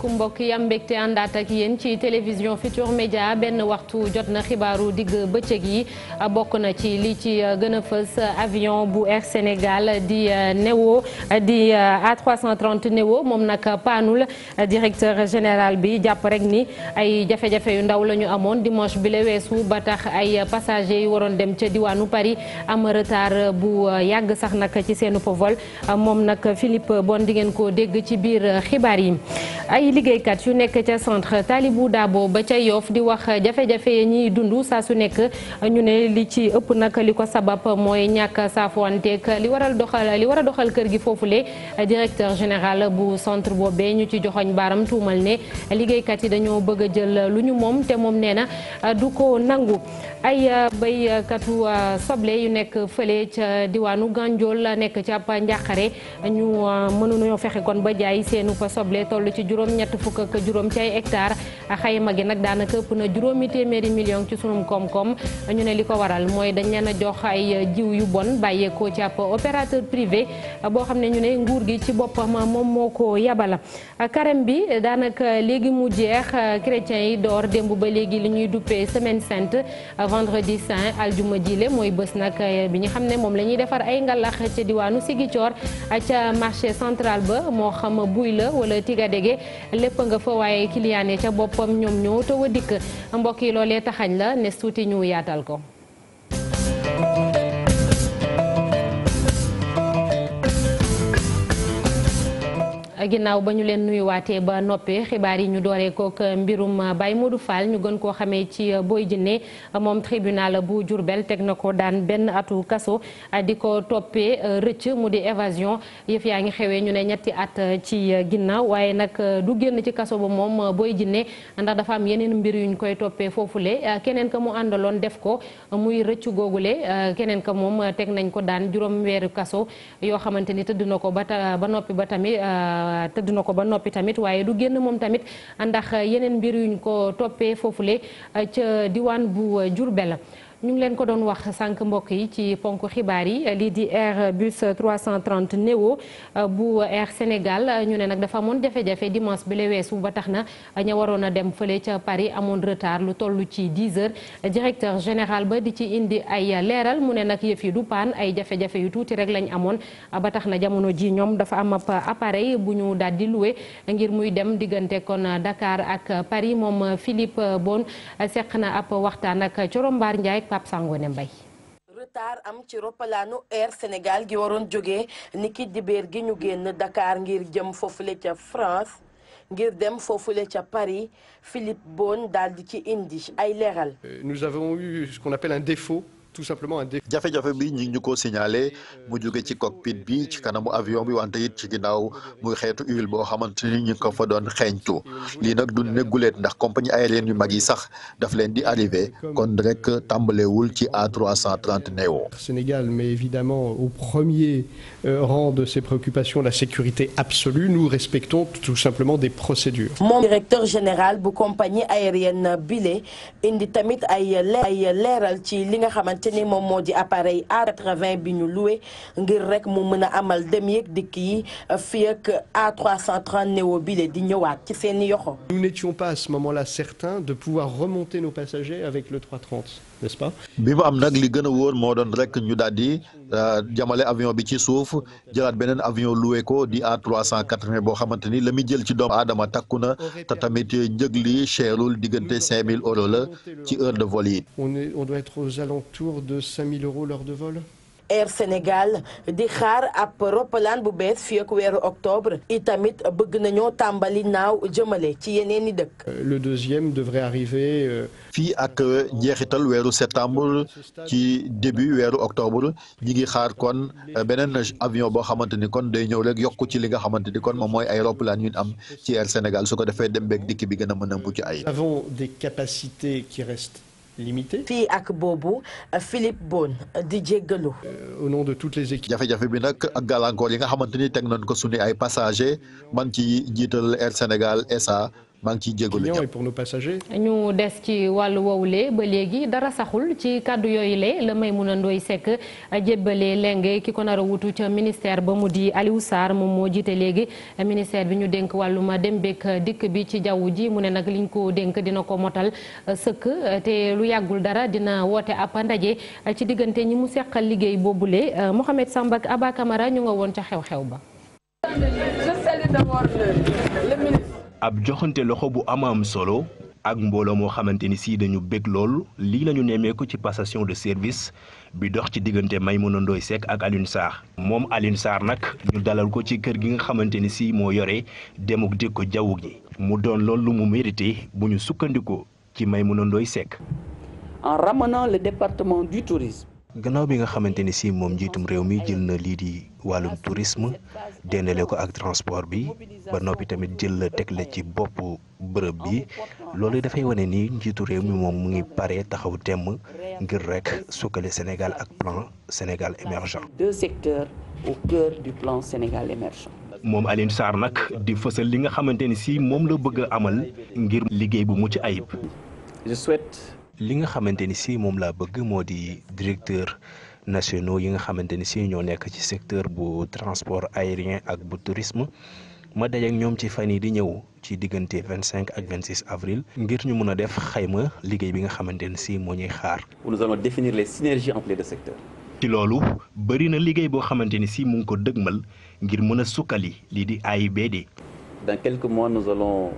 asalaamaaleykum mbokk yi am mbégte àndaat ak yéen ci télévision Futur Média benn waxtu jot na xibaaru digg bëccëg yi bokk na ci li ci euh, gën a fës avion bu Air Sénégal di euh, Neo di euh, A330 Neo moom nag paanul directeur général bi jàpp rek ni ay jafe-jafe yu ndaw la ñu amoon dimanche bi la ba tax ay passagers yu waroon dem ca diwaanu Paris am retard bu yàgg sax nag ci seen vol moom nag Philippe Bon di ngeen ko dégg ci biir xibaar yi ay liggéeykat yu nekk ca centre Talibou Dabo ba ca Yoff di wax jafe-jafe yi ñuy dund saa su nekk ñu ne li ci ëpp nag li ko sabab mooy ñàkk saafuwanteeg li waral doxal li war a doxal kër gi foofu foofule directeur général bu centre boobee ñu ci joxoñ baaram tuumal ne liggéeykat yi dañoo bëgg jël lu ñu moom te moom nee na du ko nangu ay béykatu soble yu nekk fële ca diwaanu Gandiol nekk ca ab njàqare ñu mënuñoo fexe kon ba jaay seenu fa soble toll ci juróom ñett fukk ak juróom ci ay hectares xayma gi nag daanaka ëpp na juróomi téeméeri million ci sunum koom-koom ñu ne li ko waral mooy dañ leen a jox ay jiw yu bon bàyyeekoo ci ab opérateur privé boo xam ne ñu ne nguur gi ci boppam moom moo ko yabala carême bi daanaka léegi mu jeex chrétiens yi door démb ba léegi li ñuy duppee semaine sainte vendredi saint aljuma jile mooy bés nag bi ñu xam ne moom la ñuy defar ay ngalax ca diwaanu Sigicoor ca marché central ba moo xam lépp a nga fa waaye kiliyaan ya ca boppam ñoom ñoo taw a dikk mbokk yi loolee taxañ la ne suuti ñu yaatal ko ginnaaw ba ñu leen nuyuwaatee ba noppee xibaar yi ñu dooree kook mbirum Baye Modou Fall ñu gën koo xamee ci booy Djiné moom tribunal bu Diourbel teg na ko daan benn atu kaso di ko toppee rëcc mu di évasion yëf yaa ngi xewee ñu ne ñetti at ci ginnaaw waaye nag du génn ci kaso ba moom booy Djiné ndax dafa am yeneen mbir yu yuñ koy toppee foofu le keneen ka mu àndaloon def ko muy rëcc googule keneen ka moom teg nañ ko daan juróom weeru kaso yoo xamante tëdd na ko ba noppi tamit waaye du génn moom tamit ndax yeneen mbir yuñ ko toppee foofu le ca diwaan bu Diourbel ñu ngi leen ko doon wax sànq mbokk yi ci ponk xibaar yi lii di Airbus 330 Neo euh, bu Air Sénégal ñu ne nag dafa amoon jafe-jafe dimanche bi la weesu ba tax na ña waroon a dem fële ca Paris amoon retard lu toll ci 10 heures directeur général ba di ci indi ay leeral mu ne nag yëf yi du paan ay jafe-jafe yu tuuti rek lañ amoon ba tax na jamono ji ñoom dafa am ab appareil bu ñu daal di loué ngir muy dem diggante kon Dakar ak Paris moom Philippe Bon seq na ab waxtaan ak Corombaar Ndiaye Pape Sangone Mbaye retard am ci roppalaanu Air Sénégal gi waroon jógee niki dibéer gi ñu génn Dakar ngir jëm foofule ca France ngir dem foofule ca Paris Philippe Beaune daal ci indi ay leeral. Euh, nous avons eu ce qu'on appelle un défaut. tout simplement un défi. jafe-jafe bi ñi ko signalé mu jóge ci cockpit bi ci kanamu avion bi wante it ci ginnaaw muy xeetu huile boo xamante ni ñu ko fa doon xeeñtu lii nag du negguleet ndax compagnie aérienne yu yi sax daf leen di arrivé kon rek tàmbalewul ci A330 Neo. Sénégal mais évidemment au premier euh, rang de ses préoccupations la sécurité absolue nous respectons tout simplement des procédures. moom directeur général bu compagnie aérienne bile indi tamit ay leeral ci xamante ni moom moo di appareil A80 bi ñu loué ngir rek mu mën a amal dem yeeg dikk yi euh, fii ak A330 néo bile di ñëwaat ci seen i yoxo. Nous n'étions pas à ce moment-là certains de pouvoir remonter nos passagers avec le 330. n'est-ce pas. am nag li gën a wóor moo doon rek ñu daal di euh, jamale avion bi ci suuf jëlaat beneen avion loué ko di A380 boo xamante ni la muy jël ci doom aadama takku na te tamit njëg li cherul diggante 5000 euros la ci heure de vol yi. on doit être aux alentours de 5000 euros l'heure de vol. Air Sénégal di xaar ab roppalaan bu bees fii ak weeru octobre itamit bëgg nañoo tàmbali naaw jëmale ci yeneen i dëkk. le deuxième devrait arriver. Euh, fii ak euh, jeexital weeru septembre ci début weeru octobre ñi ngi xaar kon euh, beneen avion boo xamante ni kon day ñëw rek yokk ci li nga xamante ni kon moom mooy ay roplaan yu am ci Air Sénégal su ko defee dem beeg dikk bi gën a mën a mucc ay. nous avons des capacités qui restent. limité fii ak boobu euh, Philippe Bone euh, di jéggalu euh, au nom de toutes les équipes jafe-jafe bi nag ak gàllankoor yi nga xamante ni teg nañ ko suñu ay passager man ci jiital Air Sénégal SA maa ngi ciy jégalu ñëw ñu des ci wàllu woowule ba léegi dara saxul ci kàddu yooyu le la Maimouna Ndoye Seck jébbale lenge ki ko nar a wutu ca ministère ba mu di Aliou Sarr moom moo jiite léegi ministère bi ñu dénk wàllum dem beeg dikk bi ci jaww ji mu ne nag liñ ko dénk dina ko motal sëkk te lu yàggul dara dina woote ab ndaje ci diggante ñi mu seqal liggéey boobule Mohamed Samba ak Aba ñu nga woon ca xew-xew ba. ab joxante loxo bu amaam solo ak mbooloo moo xamante ni sii dañu bëgg lool lii la ñu nemmeeku ci passation de service bi dox ci diggante Maimouna Ndoye Seck ak Alioune saax moom Alioune Sarr nag ñu dalal ko ci kër gi nga xamante ni sii moo yore demuk dikku jaww gi mu doon lool lu mu mérité bu ñu sukkandikoo ci may Ndoye Seck. en ramenant le département du tourisme. gannaaw bi nga xamante ni si moom njiitum réew mi jël na lii di wàllum tourisme dendale ko ak transport bi ba noppi tamit jël la teg la ci boppu bërëb bi loolu dafay wane ni njiitu réew mi moom mu ngi pare taxaw temm ngir rek sukkale Sénégal ak plan Sénégal émergent. Deux secteurs moom Alioune Sarr nag di fësal li nga xamante ni si moom la bëgg amal ngir liggéey bu mucc ayib. Je li nga xamante ni si moom laa bëgg moo di directeur nationaux yi nga xamante ni si ñoo nekk ci secteur bu transport aérien ak bu tourisme ma dajeek ñoom ci fan yi di ñëw ci diggante vingt cinq ak vingt six avril ngir ñu mun a def xayma liggéey bi nga xamante ni si moo ñuy xaar. nous allons définir les synergies entre les deux secteurs. ci loolu bëri na liggéey boo xamante ni si mu ngi ko dëgmal ngir mën a sukkali lii di AIBD. dans quelques mois nous allons.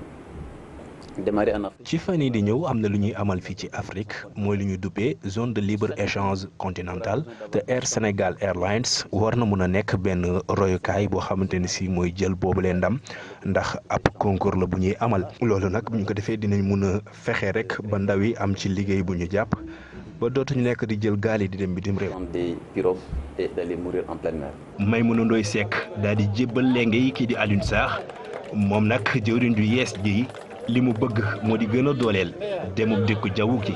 démarrer en ci fan yii di ñëw am na lu ñuy amal fii ci Afrique mooy lu ñu dubee zone de libre échange continentale te Air Sénégal Airlines war na mun a nekk benn royukaay boo xamante ne si mooy jël boobu leen ndam ndax ab concours la bu ñuy amal loolu nag bu ñu ko defee dinañ mun a fexe rek ba ndaw yi am ci liggéey bu ñu jàpp ba dootuñu nekk di jël gaal yi di dem bitim réew. Maimouna Ndoye Seck daal di jébbal lenge yi kii di Alioune saax moom nag jëwriñ ju yees ji. li mu bëgg moo di gën a dooleel demub dikku jaww ki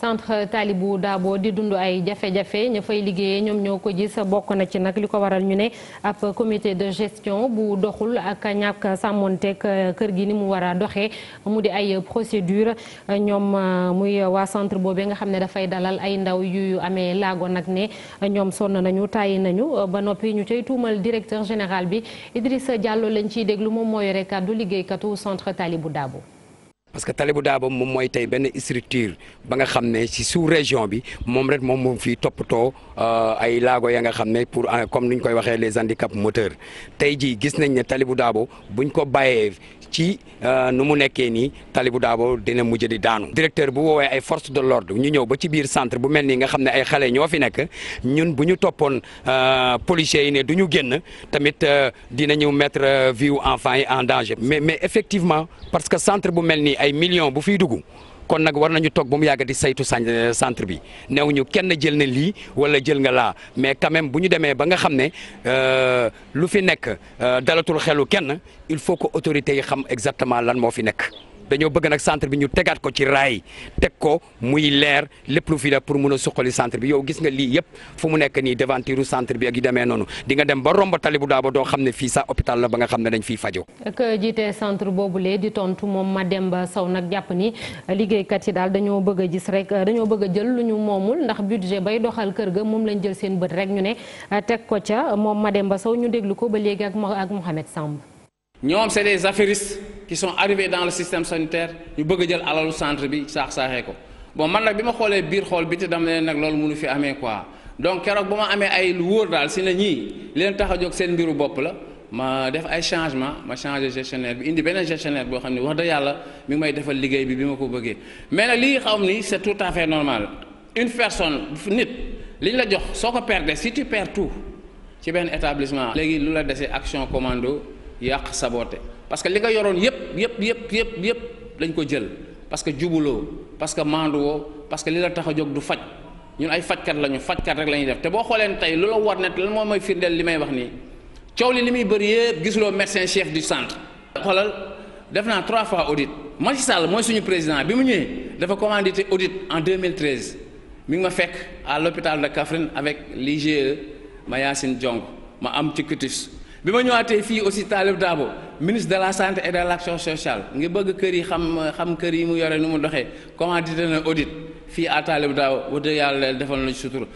centre bu Dabo di dund ay jafe-jafe ña fay liggéeyee ñoom ñoo ko ji sa bokk na ci nag li ko waral ñu ne ab comité de gestion bu doxul ak ñàkk sàmmonteeg euh, kër gi ni mu war a doxee mu di ay procédure euh, ñoom euh, muy waa centre boobee nga xam ne dafay dalal ay ndaw yu amee laago nag ne ñoom sonn nañu tàyyi nañu ba noppi ñu cay tuumal directeur général bi sa Diallo lañ ciy déglu moom moo yore du liggéeykatu centre Talibou Dabo parce que Talibou Dabo moom mooy tey benn structure ba nga xam ne si sous région bi moom rek moom moom fii toppatoo euh, ay laago ya nga xam ne pour euh, comme ni ñu koy waxee les handicaps moteurs tey jii gis nañ ne Talibou Dabo buñ ko bàyyee. ci euh, nu mu nekkee nii Talibou Dabo dina mujj di daanu directeur bu woowee ay force de l'ordre ñu ñëw ba ci biir centre bu mel nii nga xam ne ay xale ñoo fi nekk ñun bu ñu toppoon euh, policiers yi ne du ñu génn tamit dina euh, dinañu mettre vie enfant yi en danger mais mais effectivement parce que centre bu mel ni ay million bu fiy dugg kon nag war nañu toog ba mu yàgg di saytu centre bi néew ñu kenn jël na lii wala jël nga laa mais quand bu ñu demee ba nga xam ne euh, lu fi nekk euh, dalatul xelu kenn il faut que autorités yi xam exactement lan moo fi nekk. dañoo bëgg nag centre bi ñu tegaat ko ci raay teg ko muy leer lépp lu fi la pour mun a suqali centre bi yow gis nga lii yëpp fu mu nekk nii devanture centre bi ak yi demee noonu di nga dem ba romb tali bu daaba doo xam ne fii sa hôpital la ba nga xam ne dañ fiy fajo ak jiite centre lee di tontu moom ma dem ba Sow nag jàpp ni liggéeykat yi daal dañoo bëgg a gis rek dañoo bëgg a jël lu ñu moomul ndax budget bay doxal kër ga moom lañ jël seen bët rek ñu ne teg ko ca moom Mademba Sow ñu déglu ko ba léegi ak Mohamed Samb ñoom c'est des affairistes qui son arrivés dans le système sanitaire ñu bëgg a jël alalu centre bi saax saaxee ko bon man nag bi ma xoolee biir xool bi te dama leen nag loolu munu fi amee quoi donc keroog ba ma amee ay lu wóor daal si ne ñii leen tax a jóg seen mbiru bopp la ma def ay changement ma changé gestionnaire bi indi beneen gestionnaire boo xam ne wax dëgg yàlla mi may defal liggéey bi bi ma ko bëggee mais nag lii xam ni c'est tout à fait normal une personne nit li ñu la jox soo ko perdee si tu perds ci benn établissement. léegi lu la desee action commando. yàq saboté parce que li nga yoroon yëpp yëpp yëpp yëpp yëpp lañ ko jël parce que jubuloo parce que maanduwoo parce que li la tax a jóg du faj ñu ay fajkat lañu fajkat rek la ñuy def te boo xooleen tey lu la war net lan moo may firndeel li may wax nii coow li li muy bëri yëpp gisuloo médecin chef du centre. xoolal def naa trois fois audit Macky Sall mooy suñu président bi mu ñëwee dafa commandité audit en 2013 mi ngi ma fekk à l'hôpital de Kaffrine avec l'IGE Mayacine Diong ma am ci cutis bi ma ñëwaatee fii aussi Talib daabo ministre de la santé et de l' sociale ngi bëgg kër yi xam xam kër yi mu yore nu mu doxee commandité na audit fii à Talib Dabo wax dëgg yàlla defal na sutura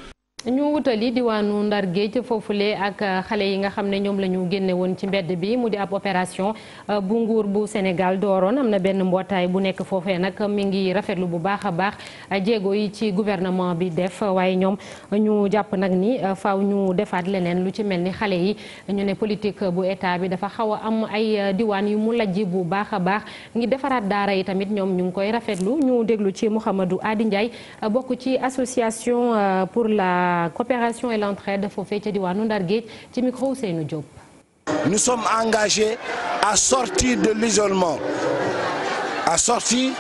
ñu wutali diwaanu Ndar foofu foofule ak xale yi nga xam ne ñoom la ñu génne woon ci mbedd bi mu di ab opération euh, bu nguur bu Sénégal dooroon am na benn mbootaay bu nekk foofee nag mi ngi rafetlu bu baax a baax euh, jéego yi ci gouvernement bi def waaye ñoom ñu jàpp nag ni euh, faaw ñu defaat leneen lu ci mel ni xale yi ñu ne politique bu état bi dafa xaw a am ay diwaan yu mu lajj bu baax a baax ngi defaraat daara yi tamit ñoom ñu ngi koy rafetlu ñu déglu ci Mouhamadou Adi Ndiaye bokk ci association pour la. la coopération et l'entraide foofee ca diwaanu Ndar micro Ousseynou Diop. Nous sommes engagés à sortir de l'isolement à sortir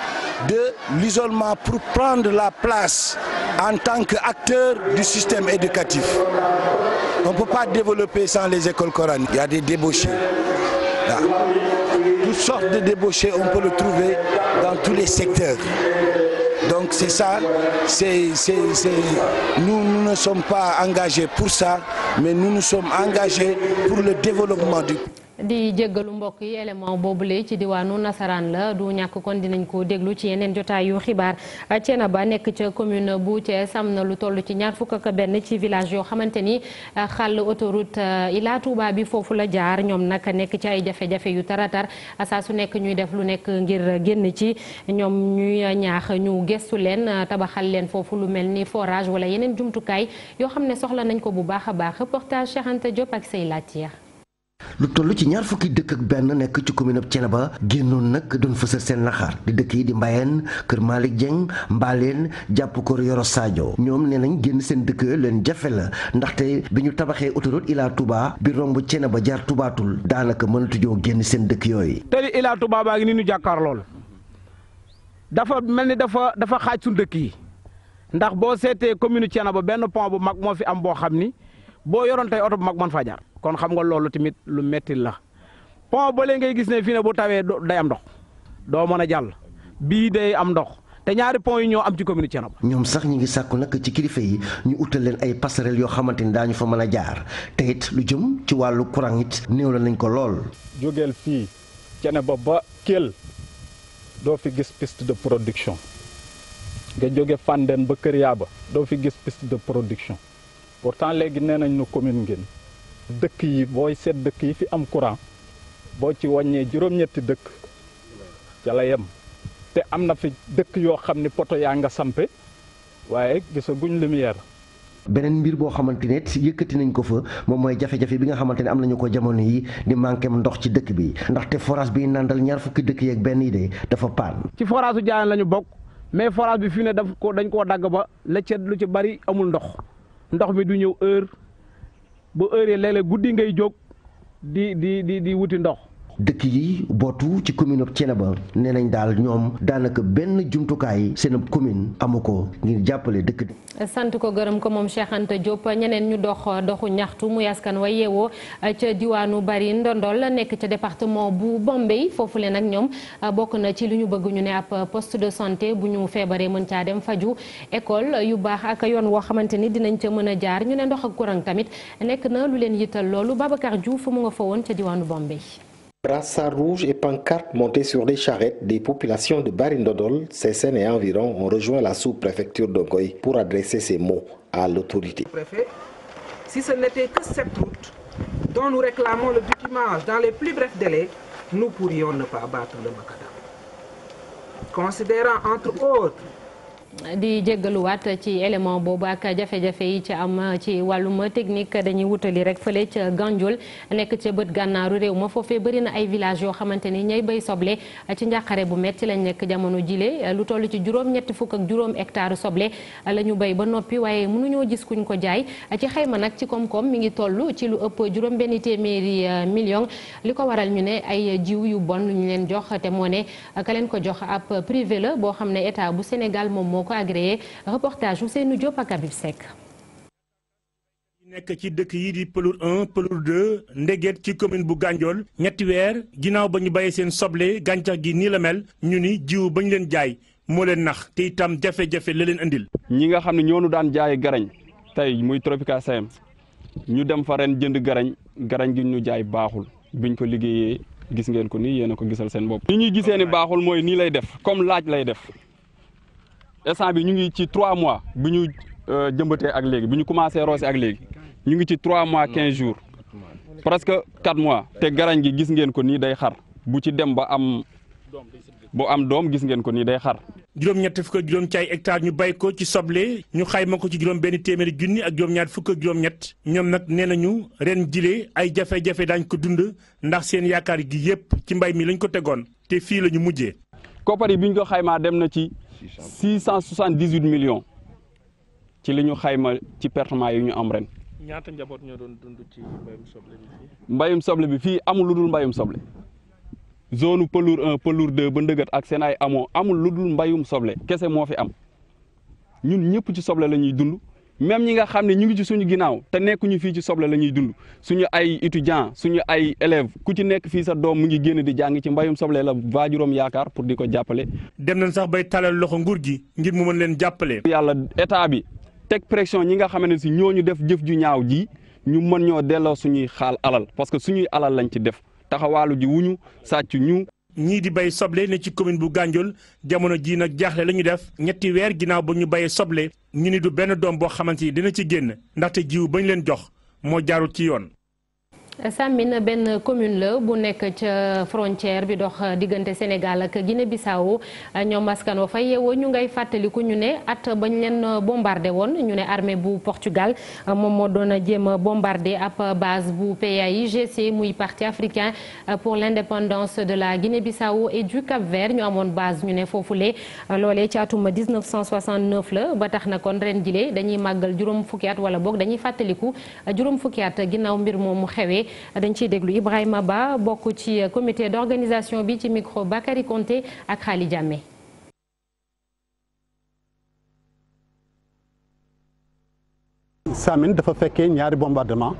de l'isolement pour prendre la place en tant qu'acteur du système éducatif. On ne peut pas développer sans les écoles coraniques. Il y a des débauchés. Là. Toutes de débauchés, on peut le trouver dans tous les secteurs. Donc c'est ça, c'est, nous, nous ne sommes pas engagés pour ça, mais nous nous sommes engagés pour le développement du pays. di jëggalu mbokk yi boobu boobule ci diwaanu nasaraan la du ñàkk kon dinañ ko déglu ci yeneen jotaayu xibaar ceena ba nekk ca commune bu Thiès sam na lu toll ci ñaar fukk ak benn ci village yoo xamante ni euh, xàll autoroute euh, Ila Touba bi foofu la jaar ñoom nag nekk ci ay jafe-jafe yu taratar saa su nekk ñuy def lu nekk ngir génn ci ñoom ñuy ñaax ñu gestu leen euh, tabaxal leen foofu lu mel ni forage wala yeneen jumtukaay yoo xam ne soxla nañ ko bu baax a baax reportage Cheikh Anta Diop ak lu toll ci ñaar fukki dëkk ak benn nekk ci commune ab ba génnoon nag doon fësal seen naxaar di dëkk yi di Mbayeen Kër Malick Dieng Mbaaleen jàpp Kër Yoro Sadio ñoom nee nañ génn seen dëkk leen jafe la ndaxte bi ñu tabaxee autoroute Ila tubaa bi romb ba jaar Tubaatul daanaka mënatujoo génn seen dëkk yooyu. tali Ila Touba baa ngi ni ñu jàkkaar lool dafa mel ni dafa dafa xaaj suñu dëkk yi ndax boo seetee commune Thiénaba benn pont bu mag moo fi am boo xam ni. boo yoroon oto bu mag mën faa jaar kon xam nga loolu tamit lu metti la pont ba lee ngay gis ne fii ne bu tawee day am ndox doo mën a jàll bii day am ndox te ñaari pont yi ñoo am ci commune Thiénaba ñoom sax ñu ngi sàkku nag ci kilifa yi ñu utal leen ay passerelle yoo xamante ni daañu fa mën a jaar te it lu jëm ci wàllu courant it néew la nañ ko lool. jógeel fii Thiénaba ba Kell doo fi gis piste de production nga jóge Fandène ba Kër Yaaba doo fi gis piste de production. pourtant léegi nee nañ nu commune ngeen dëkk yi booy seet dëkk yi fi am courant boo ci wàññee juróom-ñetti dëkk ca la yem te am na fi dëkk yoo xam ni poto yaa nga sampe waaye gisaguñ lumière. beneen mbir boo xamante ne yëkkati nañ ko fa moom mooy jafe-jafe bi nga xamante ne am nañu ko jamono yi di manqué ndox ci dëkk bi ndaxte forage bi nàndal ñaar fukki dëkk yeeg benn yi de dafa paan. ci forage su lañu bokk mais forage bi fii ne daf ko dañ koo dagg ba la lu ci bari amul ndox. ndox mi du ñëw heure bu heure yi léeg guddi ngay jóg di di di di wuti ndox dëkk yi bootu ci commune ab Thiénaba nee nañ daal ñoom daanaka benn jumtukaay seen ab commune amu ko ngir jàppale dëkk sant ko gërëm ko moom Cheikh Anta ñeneen ñu dox doxu ñaxtu muy askan wa yeewoo ca diwaanu bari ndondol nekk ca département bu Bombay foofu leen ak ñoom bokk na ci li ñu bëgg ñu ne ab poste de santé bu ñu feebaree mën caa dem faju école yu baax ak yoon woo xamante ni dinañ ca mën a jaar ñu ne ndox ak courant tamit nekk na lu leen yital loolu Babacar Diouf mu nga fa woon ca diwaanu Bombay Brassards rouges et pancartes montées sur des charrettes, des populations de Barindodol, Sessène et environ ont rejoint la sous-préfecture d'Ogoy pour adresser ces mots à l'autorité. si ce n'était que cette route dont nous réclamons le bitumage dans les plus brefs délais, nous pourrions ne pas abattre le macadam. Considérant entre autres di jéggaluwaat ci élément boobu ak jafe-jafe yi ci am ci wàllum technique dañuy wutali rek fële ca Gandiol nekk ca bët gànnaaru réew ma foofe bëri na ay village yoo xamante ni ñay béy soble ci njàqare bu metti lañ nekk jamono jile lu toll ci juróom ñetti fukk ak juróom soble la ñu béy ba noppi waaye mënuñoo gis kuñ ko jaay ci xayma nag ci koom-koom mi ngi toll ci lu ëpp juróom benn téeméeri euh, million li ko waral ñu ne ay jiw yu bon lu ñu leen jox te moo ne ka leen ko jox ab privé la boo xam ne état bu Sénégal moom moo ko agréé reportage Ousseynou Diop ak Habib nekk ci dëkk yi di pelour 1 pelour 2 ndegeet ci commune bu Gandiol ñetti weer ginnaaw ba ñu béyee seen soble gàncax gi nii la mel ñu ni jiwu ba ñu leen jaay moo leen nax te itam jafe-jafe la leen indil. ñi nga xam ne ñoo nu daan jaaye garañ tey muy Tropica CM ñu dem fa ren jënd garañ garañ gi ñu jaay baaxul bi biñ ko liggéeyee gis ngeen ko nii yéen a ko gisal seen bopp. ñu ñuy gisee ni baaxul mooy nii lay def comme laaj lay def. instant bi ñu ngi ci trois mois bi ñu euh, jëmbatee ak léegi bi ñu commencé roose ak léegi ñu ngi ci trois mois quinze jours presque quatre mois te garañ gi gis ngeen ko nii day xar bu ci dem ba am bu am doom gis ngeen ko nii day xar. juróom-ñett fukk ak juróom ci ay hectares ñu bay ko ci soble ñu xayma ko ci juróom benn téeméeri junni ak juróom fukk ak juróom-ñett ñoom nag nee nañu ren jile ay jafe-jafe daañ ko dund ndax seen yaakaar gi yépp ci mbay mi lañ ko tegoon te fii la ñu mujjee. koppar yi ko xaymaa dem na ci. cent 678 millions ci li ñu xayma ci pertement yi ñu am ren. ñaata njaboot ñoo doon dund ci mbayum soble bi fii. amul lu dul mbayum soble zone pelour 1 pelour ba ndëgët ak seen amoo amul lu dul mbayum soble kese moo fi am ñun ñëpp ci soble la ñuy dund. même ñi nga xam ne ñu ngi ci suñu ginnaaw te nekkuñu fii ci soble lañuy ñuy dund suñu ay étudiant suñu ay élève ku ci nekk fii sa doom mu ngi génn di jàng ci mbayum soble la waajuram yaakaar pour di jàppale. dem nañ sax bay talal loxo nguur gi ngir mu mën leen jàppale. yàlla état bi teg pression ñi nga xam ne si ñooñu def jëf ju ñaaw ji ñu mën ñoo delloo suñuy xaal alal parce que suñuy alal lañ ci def taxawaalu ji wuñu sàcc ñu. ñii di bay soble ne ci commune bu Gandiol jamono jii nag jaaxle la ñu def ñetti weer ginnaaw ba ñu bayee soble ñu ni du benn doom boo xamante ni dina ci génn ndaxte jiw bañ leen jox moo jaarul ci yoon Samin benn commune la bu nekk ca frontière bi dox diggante Sénégal ak Guinée-Bissau ñoom askan wa fa yeewoo ñu ngay fàttaliku ñu ne at bañ leen bombardé woon ñu ne armée bu Portugal moom moo doon jéem a bombardé ap base bu PAIGC muy parti africain pour l'indépendance de la Guinée-Bissau et du Cap-Vert ñu amoon base ñu ne foofule loolee ci atum 1969 la ba tax na kon ren jile dañuy màggal juróom fukki at wala boog dañuy fàttaliku juróom fukki at ginnaaw mbir moomu xewee dañ ciy déglu Ibrahima Ba bokk ci comité d'organisation bi ci micro Bakary ak Khali Samin dafa fekkee ñaari bombardement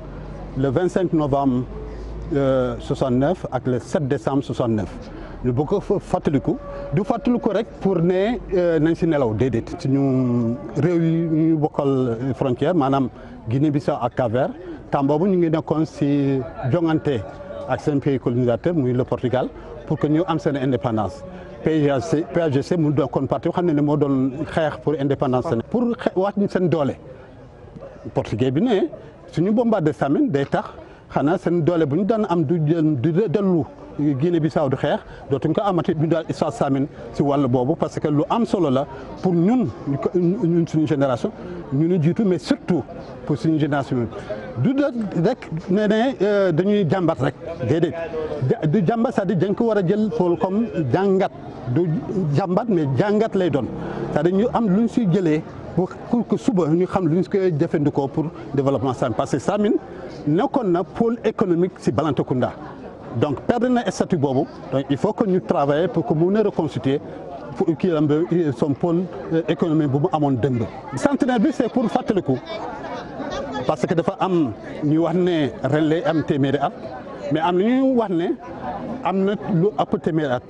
le 25 novembre 69 euh, ak le 7 décembre 69 ñu bëgg ko fàttaliku du fàttaliku rek pour ne euh, nañ si nelaw déedéet suñu réew yi ñu bokkal frontière maanaam Guinée-Bissau ak cap temps boobu ñu ngi nekkoon si jongante ak seen pays colonisateur muy le Portugal pour que ñu am seen indépendance PAGC PAGC mu doon parti boo xam ne ne moo doon xeex pour indépendance Sénégal pour wax ñu seen doole portugais bi ne suñu de Samin day tax xanaa seen doole bu ñu daan am du dellu bi Bissau du xeex dootuñ ko amati ñu daal Oustaz Samine si wàll boobu parce que lu am solo la pour ñun ñun suñu génération ñu nu jiitu mais surtout pour suñu génération du da rek ne ne euh, dañuy jàmbat rek déedéet du jàmbat c'est-à-dire dañ ko war a jël pour comme jàngat du jàmbat mais jàngat lay doon c'est-à-dire ñu am ñu siy jëlee pour ko suba ñu xam lu ñu koy jëfandikoo pour développement Samine parce que Samine nekkoon na pool économique si Balantacounda donc perdre na statut boobu donc il faut que ñu travailler pour que mu mën a reconstituer kii am son pôle euh, économie bu mu amoon dëmb centenaire bi c'est pour ku parce que dafa am ñu wax ne ren am téeméeri at mais am na ñu wax ne am na lu ëpp téeméeri at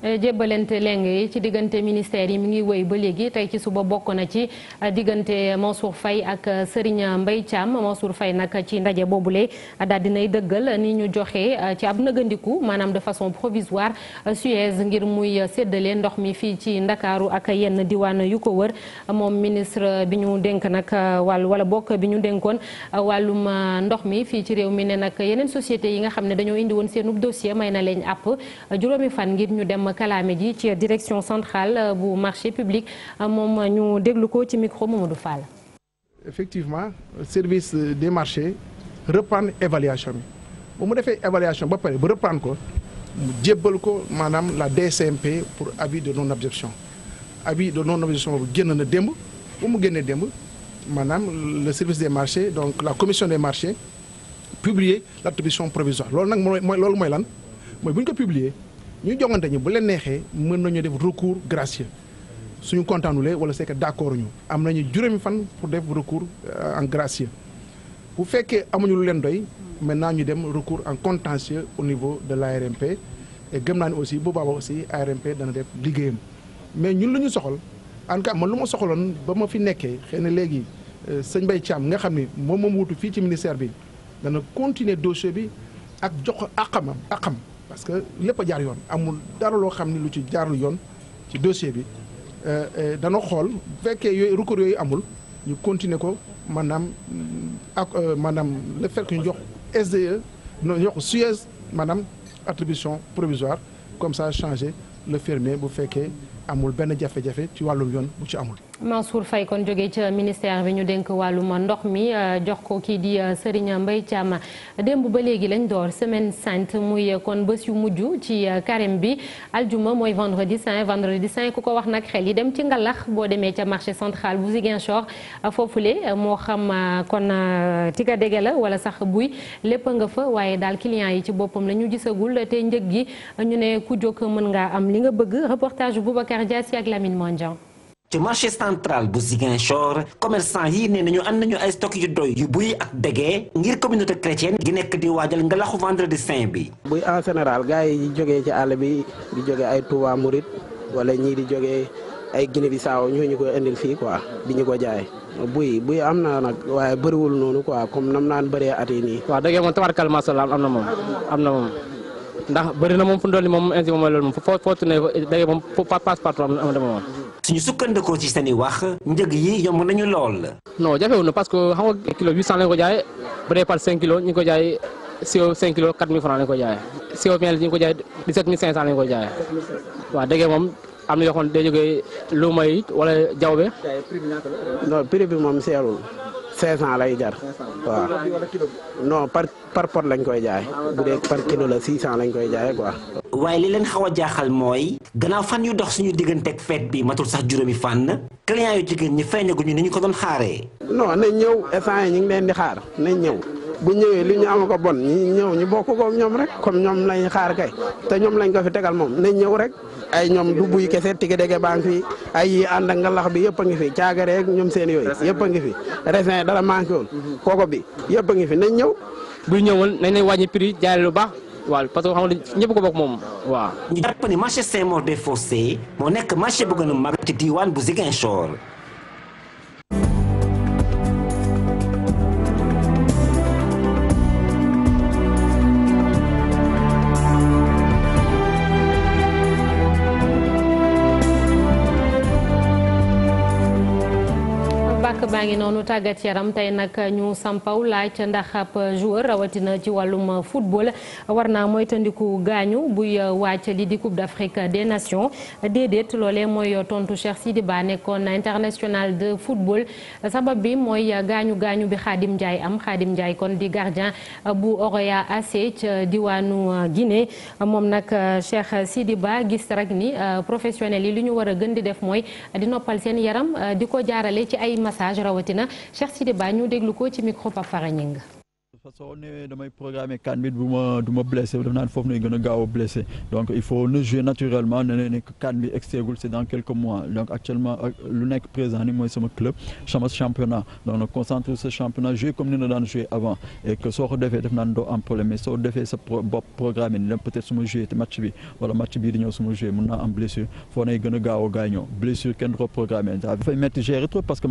Eh, jébbalante leng yi ci diggante ministère yi mi ngi woy ba léegi tey ci suba bokk na ci eh, diggante Mansour Faye ak eh, Serigne Mbaye Thiam Mansour Faye nag ci ndaje boobule daal dinay dëggal ni ñu joxe ci ab nëgëndiku maanaam de façon provisoire Suez ngir muy séddale ndox mi fii ci Ndakaaru ak yenn diwaan yu ko wër moom ministre bi ñu dénk nag wàll wala bokk bi ñu dénkoon wàllum ndox mi fii ci réew mi ne nag yeneen société yi nga xam ne dañoo indi woon seenub dossier may na leen moom kalaame ji ci direction centrale euh, bu marché public moom ñu déglu ko ci micro Mamadou Fall. effectivement service euh, des marchés reprendre évaluation bi bu mu defee évaluation ba pare bu reprendre ko mu jébbal ko maanaam la DCMP pour avis de non objection avis de non objection bu génn na démb bu mu génnee démb maanaam le service des marchés donc la commission des marchés publier l'attribution provisoire loolu nag mooy loolu mooy lan mooy bu ñu ko publier ñu jongante ñu bu leen neexee mën nañu def recours gracieux suñu kontaanulee wala c'est que d'accord ñu am nañu juróomi fan pour def recours euh, en gracieux bu fekkee amuñu lu leen doy maintenant ñu dem recours en contentieux au niveau de l'ARMP et gëm naa ne aussi bu boobaa aussi ARMP dana def liggéeyam mais ñun lu ñu soxal en tout cas man lu ma soxaloon ba ma fi nekkee xëy na léegi euh, sëñ Mbaye Thiam nga xam ni moom moom wutu fii ci ministère bi dana continuer dossier bi ak jox ko àqam parce que lépp a jaar yoon amul dara loo xam ni lu ci jaarul yoon ci dossier bi euh, euh, dana xool bu fekkee yooyu recours yooyu amul ñu continuer ko maanaam euh, ak maanaam le fait ñu jox SDE ñu jox Suez maanaam attribution provisoire comme ça changer le fermier bu fekkee. amul benn jafe-jafe ci wàllum yoon bu ci amul. Mansour Faye kon jógee ca ministère bi ñu dénk wàllum ndox mi euh, jox ko kii di euh, Serigne Mbaye Thiam démb ba léegi lañ door semaine sainte muy euh, kon bés yu mujj ci carême bi aljuma mooy vendredi saint vendredi saint ku ko wax nag xel yi dem ci ngalax boo demee ca marché central bu Ziguinchor foofule moo xam kon tiga dege la wala sax buy lépp nga fa waaye daal clients yi ci boppam la ñu gisagul te njëg gi Babacar Diassi ak Lamine Mondian ci marché central bu Ziguinchor commercant yi nee nañu am nañu ay stock yu doy yu buy ak dégee ngir communauté chrétienne gi nekk di waajal ngalaxu vendredi saint bi. buy en général gars yi di jógee ci àll bi di jógee ay Touba Mouride wala ñii di jógee ay Guinée Bissau ñoo ñu koy indil fii quoi di ñu ko jaay. buy buy am na nag waaye bëriwul noonu quoi comme nam naan bëree at yi moom tabarkal masalaam am na am na moom. ndax bëri na moom fu ni moom insi moom mooy loolu moom moom passe partout am am dama moom suñu sukkandikoo i wax njëg yi yomb nañu lool jafewul na parce que xam nga kilo huit cent lañ ko jaay bu dee par cinq kilos ñu ngi ko jaay CO cinq kilos quatre mille francs lañ ko jaay CO bien ñu ngi ko jaay dix sept mille cinq cent lañ ko jaay waaw dégg moom am na yoo xam ne day lu may wala jawbe 500 lay jar. waaw non par par pot lañ koy jaay. bu dee par kilo la 600 lañ koy jaayee quoi. waaye li leen xaw a jaaxal mooy. gannaaw fan yu dox suñu digganteeg fête bi matul sax juróomi fànn. client yu jigéen ñi feeñaguñu ni ñu ko doon xaaree. non nañ ñëw instant yi ñu ngi leen di xaar nañ ñëw. bu ñëwee li ñu am ko bon ñi ñëw ñu bokk ko ñoom rek comme ñoom lañ xaar kay te ñoom lañ ko fi tegal moom nañ ñëw rek ay ñoom du buy kese tigi dege baa ngi fi ay yi ànd ak ngalax bi yëpp a ngi fi caagareeg ñoom seen yooyu yëpp ngi fi raisin dara manqué wul koko bi yëpp a ngi fi nañ ñëw bu ñëwoon nañ leen wàññi prix jaay lu baax waaw parce que xam nga ñëpp ko bokk moom waaw ñu jàpp ni marché Saint-Maur des Fossés moo nekk marché bu gën a mag bu si bu Ziguinchor baa ngi noonu tàggat yaram tey nag ñu sampaw laaj ndax ab joueur rawatina ci wàllum football war naa moytandiku gaañu buy wàcc li di Coupe d'Afrique des Nations déedéet loolee mooy tontu Cheikh Sidi Ba nekkoon international de football sabab bi mooy gaañu gaañu bi Khadim Ndiaye am Khadim Ndiaye kon di gardien bu Horoya AC ca diwaanu Guinée moom nag Cheikh Sidi Ba gis rek ni euh, professionnels yi li ñu war a gën di def mooy di noppal seen yaram euh, di ko rawatina Cheikh Sidé Ba ñu déglu ko ci micro Pape Fara Gningue parce que soo ñëwee damay programmer kan bi du ma du ma blessé daf naan foofu nañ gën a gaaw a blessé donc il faut ne jouer naturellement ne ne nekk kan bi c'est dans quelques mois donc actuellement lu nekk présent ni mooy sama club sama donc na concentre ce championnat jouer comme ni na daan jouer avant et soo defee daf naan doo am problème mais soo defee sa bopp programme ni dem peut ma jouer te match bi wala match bii di ñëw su ma jouer mën naa am blessure foo nay gën a gaaw a gaañoo blessure kenn du ko programmer dafay métti gérer trop parce que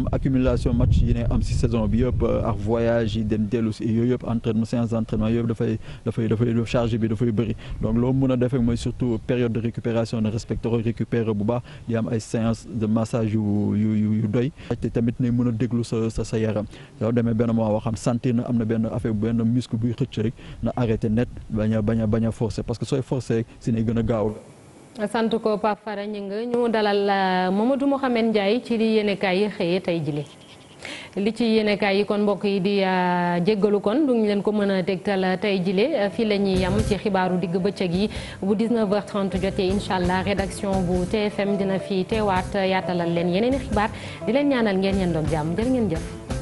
euh, yooyu yëpp entraînement séance d'entraînement yooyu dafay dafay dafay charge bi dafay bëri donc loolu mën a def mooy surtout période de récupération ne respecté récupérer bu baax di am ay séance de massage yu doy tamit ne mën a déglu sa sa yaram yow demee benn moment boo santé na am na benn affaire benn muscle buy xëcc rek na arrêté net bañ a bañ a bañ a parce que sooy forcé rek si ne gën a gaaw sant ko Pape Fara Gningue ñu dalal euh, Mamadou Mouhamed Ndiaye ci li yéenekaay yi li ci yéenekaay yi kon mbokk yi di euh, jéggalu kon du ñu leen ko mën a tegtal euh, tey jile euh, fii la ñuy yam ci xibaaru digg bëccëg yi bu 19h30 jotee incha allah rédaction bu TFM dina fi teewaat yaatalal leen yeneeni xibaar di leen ñaanal ngeen yendoog jàmm jërë ngeen jëf.